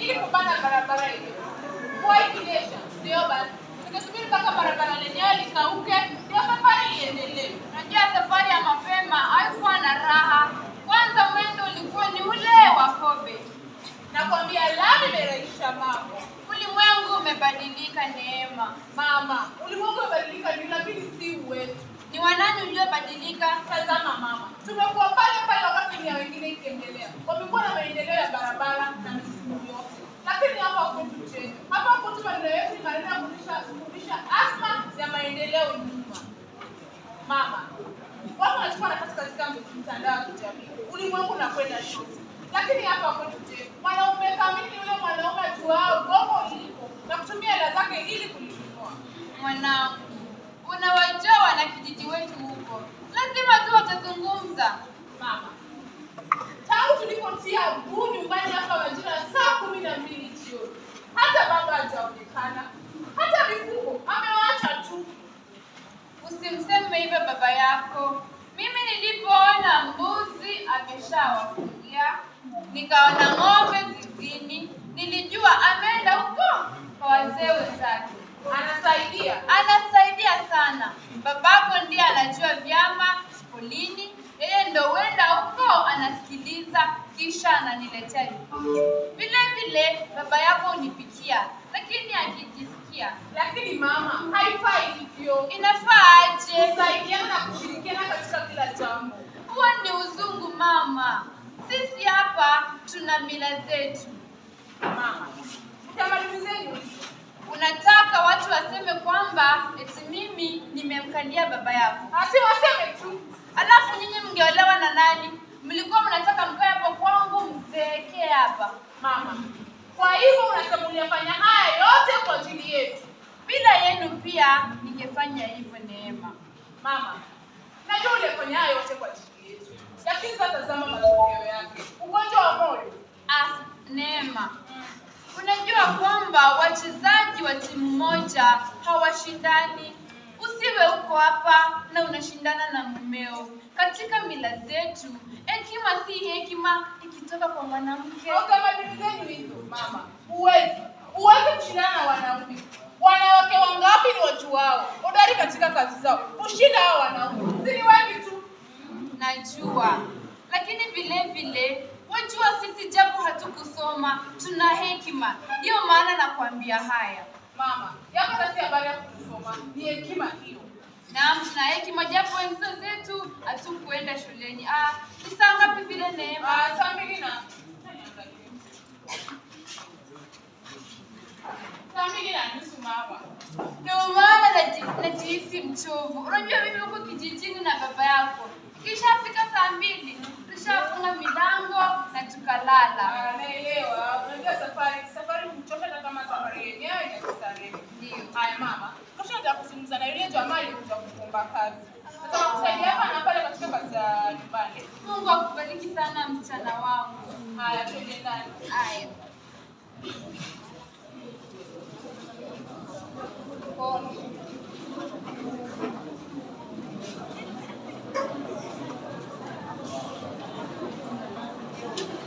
ili kupanda barabara hiyo. Mvua ikinyesha, ndio basi tunasubiri mpaka barabara lenyewe likauke, ndio safari iendelee. Najua safari ya mapema haikuwa na raha, kwanza mwendo ulikuwa ni ule wa kobe. Nakwambia lami imerahisha mambo, ulimwengu umebadilika. Neema mama, ulimwengu umebadilika, ni lakini si uwetu. Ni wanani uliobadilika? Tazama mama, tumekuwa pale pale wakati dunia wengine ikiendelea, wamekuwa na maendeleo ya barabara na upendeleo nyuma. Mama, wako wanachukua nafasi katika mtandao wa kijamii, ulimwengu unakwenda shule, lakini hapa kwetu je, mwanaume kamili yule mwanaume ajuao gogo ilipo na kutumia hela zake ili kulinunua mwanao usimseme hivyo baba yako. Mimi nilipoona mbuzi ameshawafungia, nikaona ng'ombe zizini, nilijua ameenda huko kwa wazee wenzake. Anasaidia, anasaidia sana. Babako ndiye anajua vyama polini, yeye ndo huenda huko anasikiliza, kisha ananiletea ripoti. Vile vile baba yako hunipikia, lakini akijisikia. Lakini mama, haifai hivyo. Inafaa anayesaidiana kushirikiana katika kila jambo. Huo ni uzungu mama. Sisi hapa tuna mila zetu mama, tamaduni zenu. Unataka watu waseme kwamba eti mimi nimemkalia baba yako, asi waseme tu. Alafu nyinyi mngeolewa na nani? Mlikuwa mnataka mkae hapo kwangu mzeekee hapa mama. Kwa hivyo unasema uliyafanya haya yote kwa ajili yetu, bila yenu pia ningefanya hivyo mama na yule kwenye haya yote kwa ajili yetu. Lakini sasa tazama matokeo yake, ugonjwa wa moyo. Ah, neema, unajua kwamba wachezaji wa timu moja hawashindani. Usiwe uko hapa na unashindana na mumeo. Katika mila zetu, hekima si hekima ikitoka kwa mwanamke. Utamaduni zenu hizo mama, huwezi huwezi kushindana na wanaume Wanawake wangapi ni wajuao udari katika kazi zao kushinda hao wanaume? Si wengi tu, najua. Lakini vile vile wajua, sisi japo hatukusoma tuna hekima. Ndiyo maana nakwambia haya mama yako, sasa habari ya kusoma ni hekima hiyo. Naam, tuna hekima japo wenzo zetu hatukuenda shuleni. Ah, ni saa ngapi vile Neema? Ah, saa mbili na uchovu. Unajua mimi huko kijijini na baba yako, ikishafika saa mbili tushafunga milango na tukalala. Naelewa. Unajua safari safari mchoka, na kama safari yenyewe inakustarehe. Ndio haya mama, kesho nataka kuzungumza na yule jamaa alikuja kukuomba kazi kusaidia hapa na pale katika kazi za nyumbani. Mungu akubariki sana mchana wangu. Haya, tuende ndani. Haya.